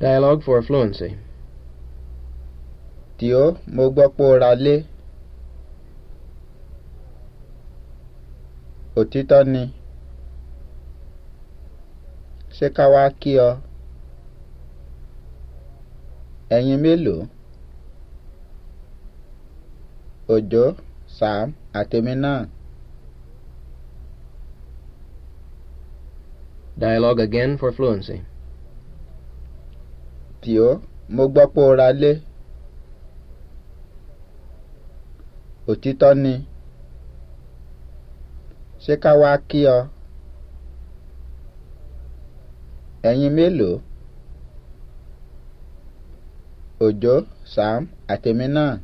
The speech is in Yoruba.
Dialogue for fluency. Tìó, mo gbọ́ pé o ra lé. Òtítọ́ ni. Ṣé ká wá kí ọ? Ẹ̀yin mélòó? Òjó, Sam àtèmi náà. Dialogue again for fluency pè ọ́ mo gbọ́ pé o ralé. òtítọ́ ni ṣé ká wá kí ọ ẹ̀yin mélòó Òjó Sam àtèmi náà.